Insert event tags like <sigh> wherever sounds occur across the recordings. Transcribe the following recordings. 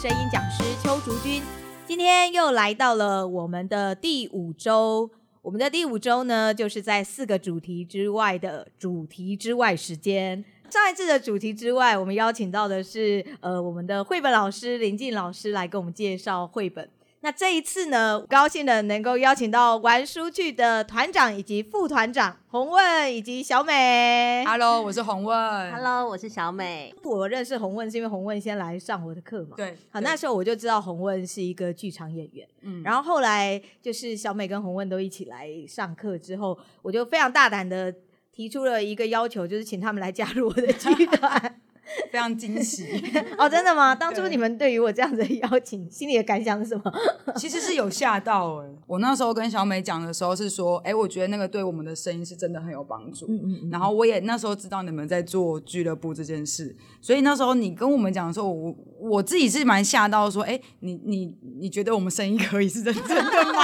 聲音講師邱竹君，今天又來到了我們的第五周。我們的第五周呢，就是在四個主題之外的主題之外時間。上一次的主題之外，我們邀請到的是呃我們的繪本老師林靜老師來跟我們介紹繪本。那這一次呢，高興的能夠邀請到頑書趣的團長以及副團長虹汶以及小美。Hello，我是虹汶。Hello，我是小美。我認識虹汶是因為虹汶先來上我的課嘛，對？對。好，那時候我就知道虹汶是一個劇場演員。嗯。然後後來就是小美跟虹汶都一起來上課之後，我就非常大膽的提出了一個要求，就是請他們來加入我的劇團。 <laughs> 非常驚喜 <laughs> 哦！真的嗎？當初你們對於我這樣子的邀請，對心裡的感想是什麼？其實是有嚇到哎、欸！我那時候跟小美講的時候是說，哎、欸，我覺得那個對我們的聲音是真的很有幫助。嗯，嗯，嗯。然後我也那時候知道你們在做俱樂部這件事，所以那時候你跟我們講的時候，我我自己是蠻嚇到，說，哎、欸，你你你覺得我們聲音可以是認真的嗎？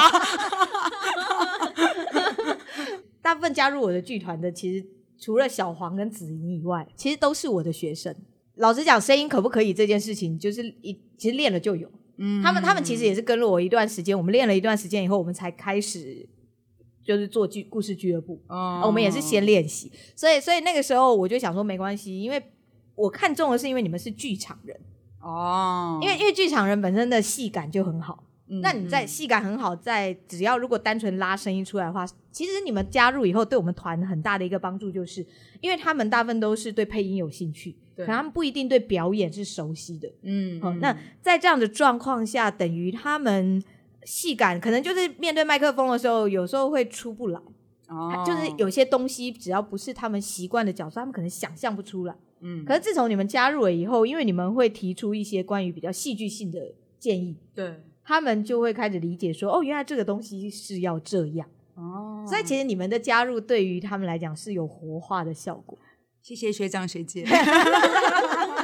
<laughs> <laughs> 大部分加入我的劇團的，其實。除了小黃跟紫瑩以外，其實都是我的學生。老實講，聲音可不可以這件事情，就是一其實練了就有。嗯，嗯，嗯，他們他們其實也是跟了我一段時間。我們練了一段時間以後，我們才開始就是做劇故事俱樂部。嗯、哦，我們也是先練習。所以所以那個時候我就想說沒關係，因為我看重的是因為你們是劇場人哦，因，因為因為劇場人本身的戲感就很好。嗯，那你在戲感很好在，在只要如果單純拉聲音出來的話，其實你們加入以後對我們團很大的一個幫助就是，因為他們大部分都是對配音有興趣，對，可能他們不一定對表演是熟悉的，嗯，好，嗯，那在這樣的狀況下，等於他們戲感可能就是面對麥克風的時候，有時候會出不來，哦，就是有些東西只要不是他們習慣的角色，他們可能想象不出來，嗯，可是自從你們加入了以後，因為你們會提出一些關於比較戲劇性的建議，對。他們就會開始理解說，哦，原來這個東西是要這樣。哦，所以其實你們的加入對於他們來講是有活化的效果。謝謝學長學姐。 <laughs>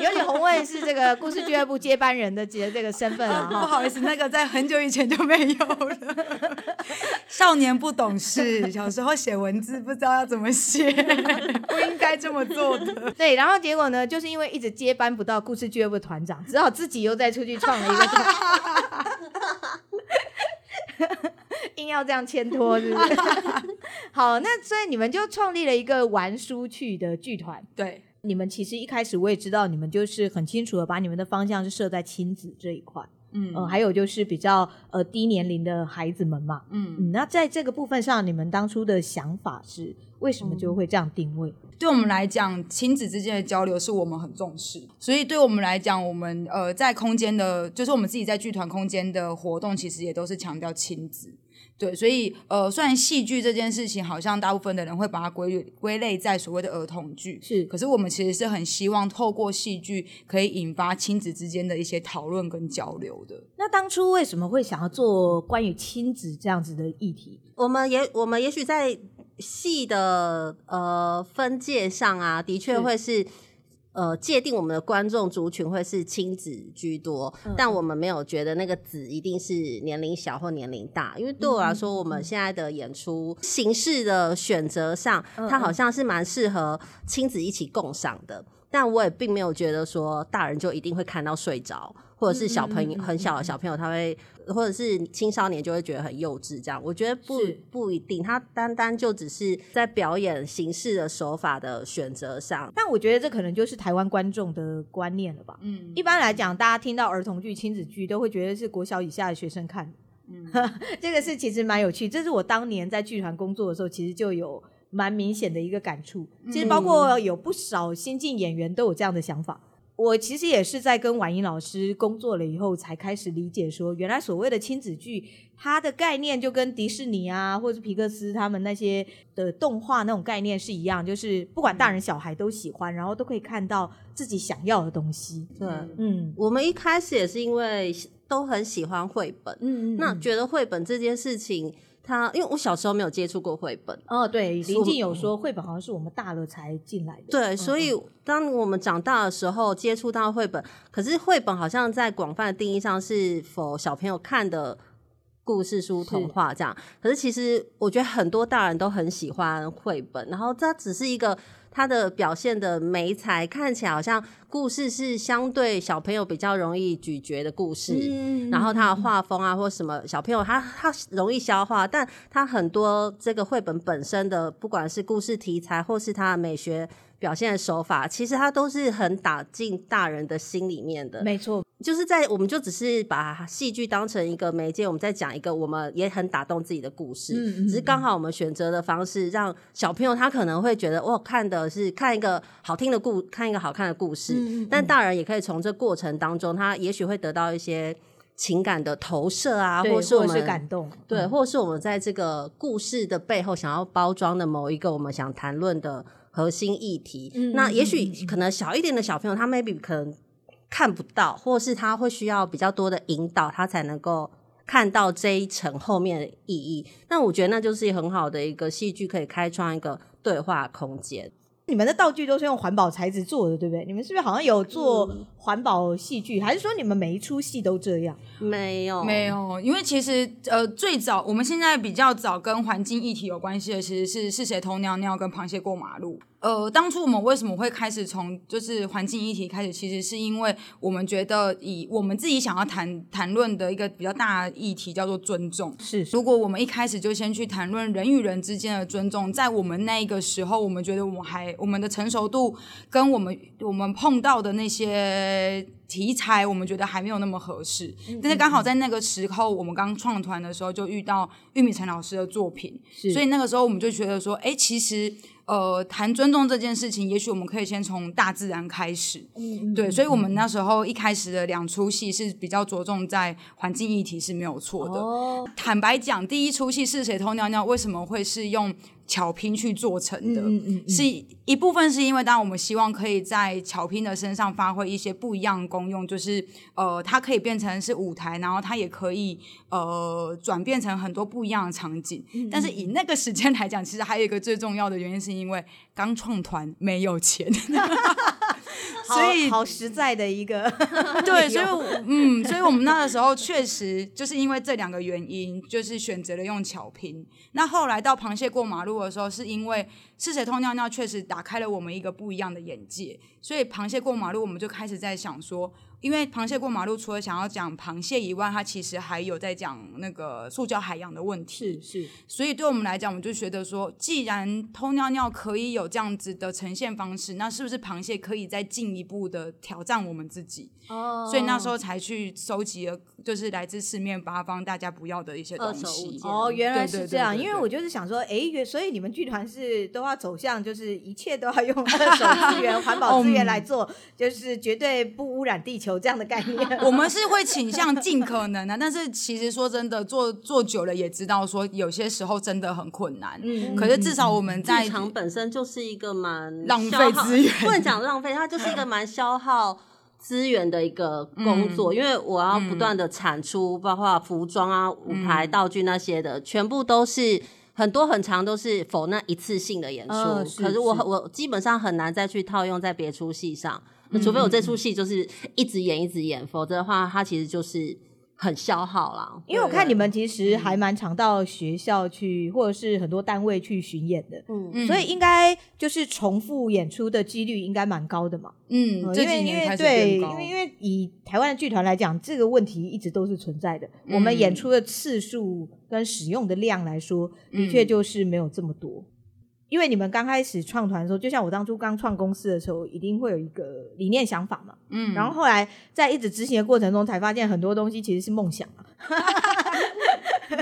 尤其虹汶是這個故事俱樂部接班人的這這個身份啊，啊，啊，不好意思，那個在很久以前就沒有了。 <laughs> 少年不懂事，小時候寫文字不知道要怎麼寫， <laughs> 不應該這麼做的。對，然後結果呢，就是因為一直接班不到故事俱樂部團長，只好自己又再出去創了一個團長， <laughs> <laughs> 硬要這樣牽拖是不是？ <laughs> 好，那所以你們就創立了一個頑書趣的劇團，對。你們其實一開始我也知道，你們就是很清楚的把你們的方向是設在親子這一塊，嗯，呃，還有就是比較呃低年齡的孩子們嘛，嗯，嗯，那在這個部分上，你們當初的想法是為什麼就會這樣定位？嗯。對我們來講，親子之間的交流是我們很重視，所以對我們來講，我們呃在空間的，就是我們自己在劇團空間的活動，其實也都是強調親子。對，所以呃，雖然戲劇這件事情，好像大部分的人會把它歸類歸類在所謂的兒童劇，是，可是我們其實是很希望透過戲劇可以引發親子之間的一些討論跟交流的。那當初為什麼會想要做關於親子這樣子的議題？我們也我們也許在戲的呃分界上啊，的確會是。是呃，界定我們的觀眾族群會是親子居多，嗯、但我們沒有覺得那個“子”一定是年齡小或年齡大，因為對我來說，我們現在的演出、嗯、形式的選擇上，嗯、它好像是蠻適合親子一起共賞的。但我也並沒有覺得說，大人就一定會看到睡着，或者是小朋友嗯嗯嗯嗯、很小的小朋友他會，嗯嗯嗯、或者是青少年就會覺得很幼稚這樣。我覺得不是不一定，他單單就只是在表演形式的手法的選擇上。但我覺得這可能就是台灣觀眾的觀念了吧。嗯，一般來講，大家聽到兒童劇、親子劇都會覺得是國小以下的學生看。嗯， <laughs> 這個是其實蠻有趣。這是我當年在劇團工作的時候，其實就有。蠻明顯的一個感觸，其實包括有不少新進演員都有這樣的想法。嗯、我其實也是在跟婉瑩老師工作了以後，才開始理解說，原來所謂的親子劇，它的概念就跟迪士尼啊，或者是皮克斯他們那些的動畫那種概念是一樣，就是不管大人小孩都喜歡，嗯、然後都可以看到自己想要的東西。對，嗯，我們一開始也是因為都很喜歡繪本，嗯嗯，那覺得繪本這件事情。他因為我小時候沒有接觸過繪本哦，對，林靜有說嗯，繪本好像是我們大了才進來的，對，所以當我們長大的時候嗯嗯，接觸到繪本，可是繪本好像在廣泛的定義上是否小朋友看的？故事書、童話這樣，是。可是其實我覺得很多大人都很喜歡繪本，然後它只是一個它的表現的媒材，看起來好像故事是相對小朋友比較容易咀嚼的故事，嗯、然後它的畫風啊、嗯、或什麼小朋友他他容易消化，但他很多這個繪本本身的不管是故事題材或是他的美學表現的手法，其實它都是很打進大人的心裡面的，沒錯。就是在，我們就只是把戲劇當成一個媒介，我們在講一個我們也很打動自己的故事。嗯。只是剛好我們選擇的方式，讓小朋友他可能會覺得哇，看的是看一個好聽的故，看一個好看的故事。嗯。但大人也可以從這過程當中，他也許會得到一些情感的投射啊，對，或者是我們，或是感動，對，或者是我們在這個故事的背後想要包裝的某一個我們想談論的核心議題。嗯。那也許可能小一點的小朋友，他 maybe 可能。看不到，或是他會需要比較多的引導，他才能夠看到這一層後面的意義。那我覺得那就是很好的一個戲劇，可以開創一個對話空間。你們的道具都是用環保材質做的，對不對？你們是不是好像有做環保戲劇，嗯、還是說你們每一出戲都這樣？沒有，沒有，因為其實呃，最早我們現在比較早跟環境議題有關係的，其實是是誰偷尿尿跟螃蟹過馬路。呃，當初我們為什麼會開始從就是環境議題開始？其實是因為我們覺得，以我們自己想要談談論的一個比較大的議題叫做尊重。是，是，如果我們一開始就先去談論人與人之間的尊重，在我們那個時候，我們覺得我們還我們的成熟度跟我們我們碰到的那些題材，我們覺得還沒有那麼合適。嗯，但是剛好在那個時候，我們剛創團的時候就遇到玉米辰老師的作品，是所以那個時候我們就覺得說，哎，其實。呃，談尊重這件事情，也許我們可以先從大自然開始，嗯、對，所以，我們那時候一開始的兩出戲是比較着重在環境議題是沒有錯的。哦、坦白講，第一出戲是誰偷尿尿，為什麼會是用？巧拼去做成的？嗯嗯、是一部分是因為，當我們希望可以在巧拼的身上發揮一些不一樣的功用，就是呃，它可以變成是舞台，然後它也可以呃轉變成很多不一樣的場景。嗯、但是以那個時間來講，其實還有一個最重要的原因，是因為剛創團沒有錢。 <laughs> 所以好，好實在的一個 <laughs> 對，所以嗯，所以我們那個時候確實就是因為這兩個原因，就是選擇了用巧拼。那後來到螃蟹過馬路的時候，是因為是誰偷尿尿，確實打開了我們一個不一樣的眼界。所以螃蟹過馬路，我們就開始在想說。因為螃蟹過馬路，除了想要講螃蟹以外，它其實還有在講那個塑膠海洋的問題。是是，是所以對我們來講，我們就覺得說，既然偷尿尿可以有這樣子的呈現方式，那是不是螃蟹可以再進一步的挑戰我們自己？哦、哦、哦。所以那時候才去收集了，就是來自四面八方大家不要的一些東西。哦，原來是這樣。因為我就是想說，哎，所以你們劇團是都要走向，就是一切都要用二手資源， <laughs> 環保資源來做， <laughs> 就是絕對不污染地球。有這樣的概念， <laughs> 我們是會傾向盡可能的、啊， <laughs> 但是其實說真的，做做久了也知道說，說有些時候真的很困難。嗯，可是至少我們在場本身就是一個蠻浪費資源，不能講浪費，它就是一個蠻消耗資源的一個工作， <laughs> 嗯、因為我要不斷的產出，包括服裝啊、舞台、嗯、道具那些的，全部都是很多很長都是 for 那一次性的演出，呃、是，可是我我基本上很難再去套用在別出戲上。那除非我這出戲就是一直演一直演，嗯、否則的話，它其實就是很消耗啦。因為我看你們其實還蠻常到學校去，嗯、或者是很多單位去巡演的，嗯，所以應該就是重複演出的幾率應該蠻高的嘛。嗯，因為因為對，因為因為以台灣的劇團來講，這個問題一直都是存在的。嗯、我們演出的次數跟使用的量來說，的確、嗯、就是沒有這麼多。因為你們剛開始創團的時候，就像我當初剛創公司的時候，一定會有一個理念想法嘛，嗯，然後後來在一直執行的過程中，才發現很多東西其實是夢想哈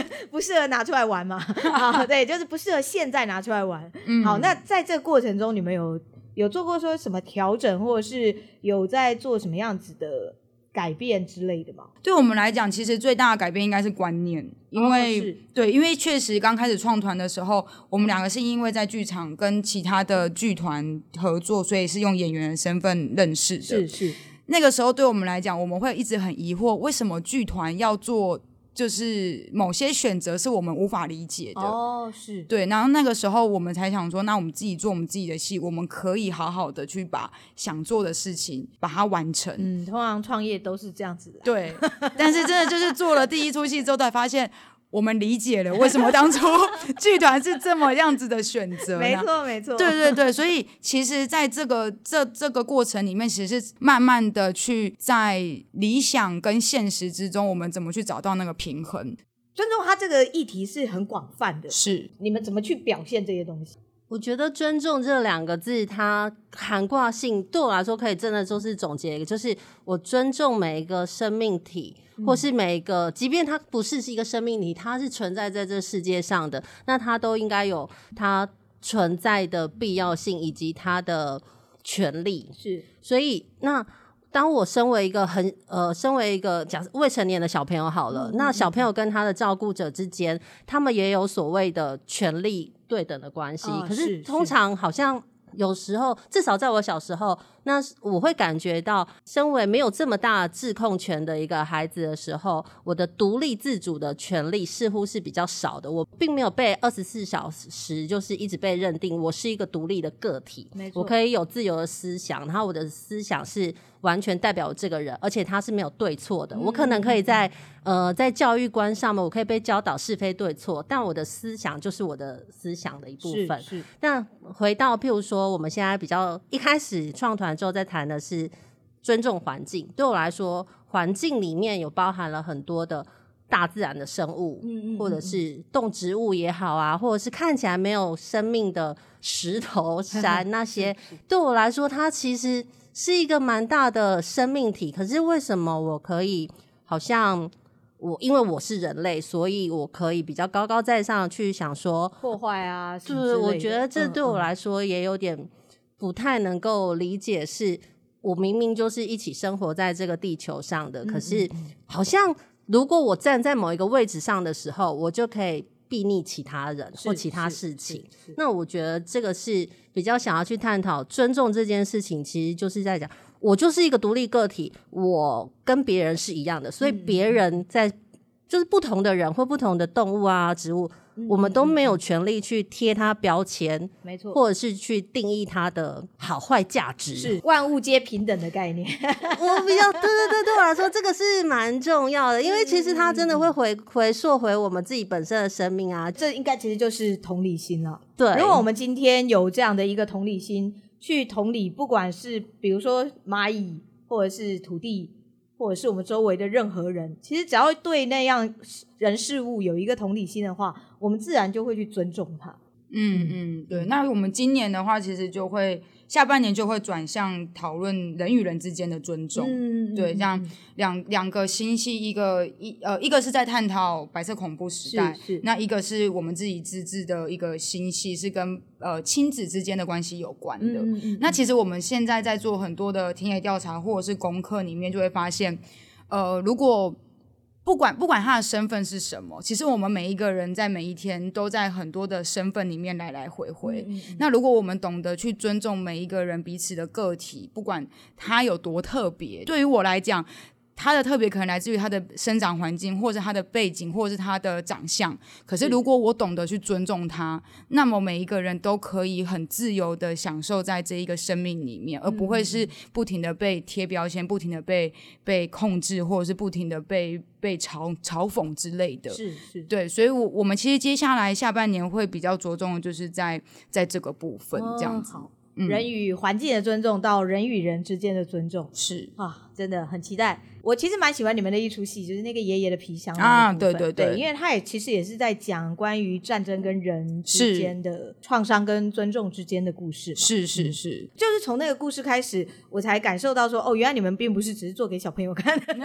<laughs> 不適合拿出來玩嘛，啊、對，就是不適合現在拿出來玩。嗯、哼好，那在這個過程中，你們有有做過說什麼調整，或者是有在做什麼樣子的？改變之類的吧。對我們來講，其實最大的改變應該是觀念，因為、哦，對，因為確實剛開始創團的時候，我們兩個是因為在劇場跟其他的劇團合作，所以是用演員的身份認識的。是是，是那個時候對我們來講，我們會一直很疑惑，為什麼劇團要做？就是某些選擇是我們無法理解的哦，oh, 是，是對，然後那個時候我們才想說，那我們自己做我們自己的戲，我們可以好好的去把想做的事情把它完成。嗯，通常創業都是這樣子的啊，的，對，但是真的就是做了第一齣戲之後才發現。 <laughs> 我們理解了為什麼當初 <laughs> 劇團是這麼樣子的選擇。沒，沒錯沒錯，對對對，所以其實在這個這這個過程裡面，其實是慢慢的去在理想跟現實之中，我們怎麼去找到那個平衡？尊重他這個議題是很廣泛的，是你們怎麼去表現這些東西？我覺得“尊重”這兩個字，它含掛性對我來說，可以真的就是總結一個，就是我尊重每一個生命體，或是每一個，即便它不是是一個生命體，它是存在在這世界上的，那它都應該有它存在的必要性以及它的權利。是，所以那。當我身為一個很呃，身為一個假設未成年的小朋友好了，嗯、那小朋友跟他的照顧者之間，他們也有所謂的權利對等的關係。哦、是是，可是通常好像有時候，至少在我小時候。那我會感覺到，身為沒有這麼大的自控權的一個孩子的時候，我的獨立自主的權利似乎是比較少的。我並沒有被二十四小時就是一直被認定我是一個獨立的個體。沒錯，我可以有自由的思想，然後我的思想是完全代表這個人，而且他是沒有對錯的。嗯、我可能可以在、嗯、呃在教育觀上面，我可以被教導是非對錯，但我的思想就是我的思想的一部分。是。是。那回到譬如說，我們現在比較一開始創團。之後再談的是尊重環境。對我來說，環境裡面有包含了很多的大自然的生物，嗯嗯嗯，或者是動植物也好啊，或者是看起來沒有生命的石頭山那些， <laughs> 對我來說，它其實是一個蠻大的生命體。可是為什麼我可以好像我因為我是人類，所以我可以比較高高在上去想說破壞啊？是不是？我覺得這對我來說也有點。嗯嗯不太能夠理解，是我明明就是一起生活在這個地球上的，嗯嗯嗯，可是好像如果我站在某一個位置上的時候，我就可以避逆其他人或其他事情。那我覺得這個是比較想要去探討尊重這件事情，其實就是在講我就是一個獨立個體，我跟別人是一樣的，所以別人在、嗯、就是不同的人或不同的動物啊、植物。嗯、我們都沒有權利去貼它標籤，沒錯、嗯，嗯嗯、或者是去定義它的好壞價值，是萬物皆平等的概念。 <laughs> 我比較對對對，對我來說這個是蠻重要的，因為其實它真的會回回溯回我們自己本身的生命啊，嗯嗯嗯嗯、這應該其實就是同理心了。對，如果我們今天有這樣的一個同理心，去同理，不管是比如說螞蟻或者是土地。或者是我們周圍的任何人，其實只要對那樣人事物，有一個同理心的話，我們自然就會去尊重他。嗯嗯，對，那我們今年的話，其實就會下半年就會轉向討論人與人之間的尊重。嗯，對，像兩兩個星系，一個一呃，一個是在探討白色恐怖時代，是是，那一個是我們自己自制的一個星系，是跟呃親子之間的關係有關的。嗯嗯，那其實我們現在在做很多的田野調查或者是功課裡面，就會發現，呃，如果不管不管他的身份是什麼，其實我們每一個人在每一天都在很多的身份裡面來來回回。嗯嗯嗯，那如果我們懂得去尊重每一個人彼此的個體，不管他有多特別，對於我來講。他的特別可能來自於他的生長環境，或者是他的背景，或者是他的長相。可是，如果我懂得去尊重他，是那麼每一個人都可以很自由的享受在這一個生命裡面，嗯、而不會是不停的被貼標籤，不停的被被控制，或者是不停的被被嘲嘲諷之類的。是是，是對。所以我，我我們其實接下來下半年會比較着重的就是在在這個部分這樣子。哦、好，嗯、人與環境的尊重到人與人之間的尊重。是啊。真的很期待。我其實蠻喜歡你們的一出戲，就是那個爺爺的皮箱啊，對對對，對，因為他也其實也是在講關於戰爭跟人之間的創傷跟尊重之間的故事是。是是是，是是就是從那個故事開始，我才感受到說，哦，原來你們並不是只是做給小朋友看的。 <laughs>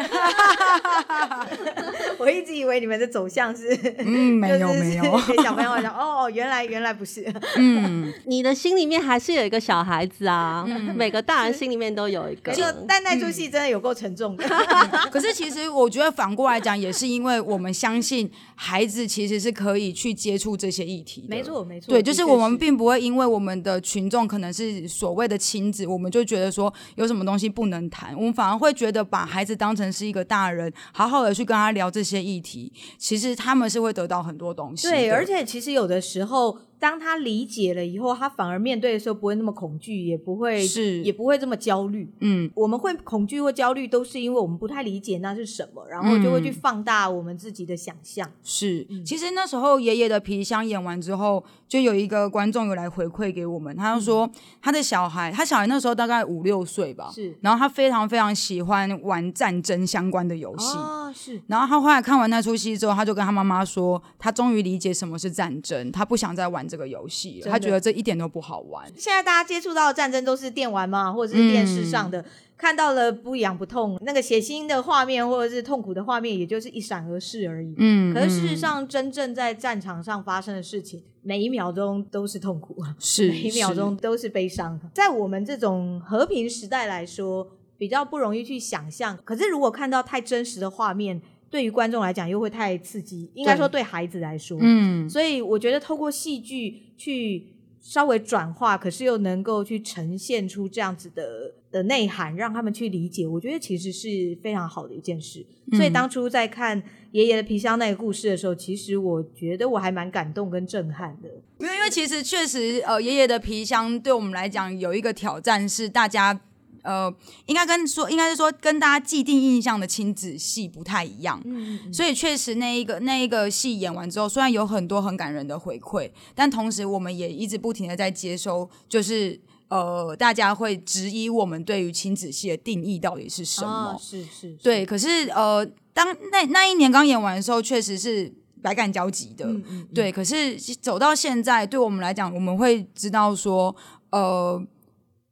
<laughs> 我一直以為你們的走向是，嗯，沒有沒有，是是給小朋友看。哦，原來原來不是。嗯， <laughs> 你的心裡面還是有一個小孩子啊，嗯，每個大人心裡面都有一個。就但那出戲真的，嗯。那有夠沉重的， <laughs> 可是其實我覺得反過來講，也是因為我們相信孩子其實是可以去接觸這些議題的。沒錯，沒錯，對，就是我們並不會因為我們的群眾可能是所謂的親子，我們就覺得說有什麼東西不能談，我們反而會覺得把孩子當成是一個大人，好好的去跟他聊這些議題，其實他們是會得到很多東西。對，而且其實有的時候。當他理解了以後，他反而面對的時候不會那麼恐懼，也不會是也不會這麼焦慮。嗯，我們會恐懼或焦慮，都是因為我們不太理解那是什麼，然後就會去放大我們自己的想象。嗯、是，嗯、其實那時候爺爺的皮箱演完之後，就有一個觀眾有來回饋給我們，他就說他的小孩，他小孩那時候大概五六歲吧，是，然後他非常非常喜歡玩戰爭相關的遊戲。哦，是，然後他後來看完那出戲之後，他就跟他媽媽說，他終於理解什麼是戰爭，他不想再玩戰爭。這個遊戲，真的，他覺得這一點都不好玩。現在大家接觸到的戰爭都是電玩嘛，或者是電視上的，嗯，看到了不癢不痛，那個血腥的畫面或者是痛苦的畫面，也就是一閃而逝而已。嗯，可是事實上，真正在戰場上發生的事情，每一秒鐘都是痛苦，是每一秒鐘都是悲傷。在我們這種和平時代來說，比較不容易去想象。可是如果看到太真實的畫面，對於觀眾來講又會太刺激，應該說對孩子來說，嗯，所以我覺得透過戲劇去稍微轉化，可是又能夠去呈現出這樣子的的內涵，讓他們去理解，我覺得其實是非常好的一件事。嗯，所以當初在看爺爺的皮箱那個故事的時候，其實我覺得我還蠻感動跟震撼的，因為因為其實確實，呃，爺爺的皮箱對我們來講有一個挑戰，是大家。呃，應該跟說應該是說跟大家既定印象的親子戲不太一樣，嗯嗯，所以確實那一個那一個戲演完之後，雖然有很多很感人的回饋，但同時我們也一直不停的在接收，就是呃，大家會質疑我們對於親子戲的定義到底是什麼？啊、是，是是，對。可是呃，當那那一年剛演完的時候，確實是百感交集的。嗯嗯嗯，對，可是走到現在，對我們來講，我們會知道說，呃。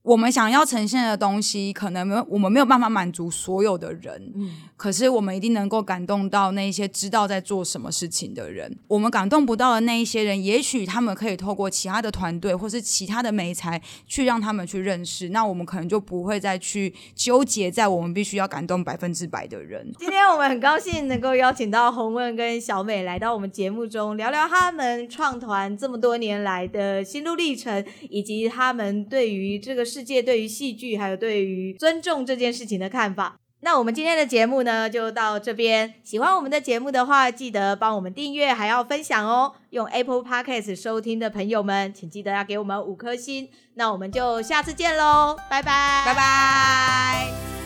我們想要呈現的東西，可能沒有我們沒有辦法滿足所有的人。嗯。可是我們一定能夠感動到那一些知道在做什麼事情的人，我們感動不到的那一些人，也許他們可以透過其他的團隊或是其他的媒材去讓他們去認識。那我們可能就不會再去糾結在我們必須要感動百分之百的人。今天我們很高興能夠邀請到虹汶跟小美來到我們節目中，聊聊他們創團這麼多年來的心路歷程，以及他們對於這個世界、對於戲劇還有對於尊重這件事情的看法。那我們今天的節目呢，就到這邊。喜歡我們的節目的話，記得幫我們訂閱，還要分享哦。用 Apple Podcast 收聽的朋友們，請記得要給我們五顆星。那我們就下次見嘍，拜拜，拜拜。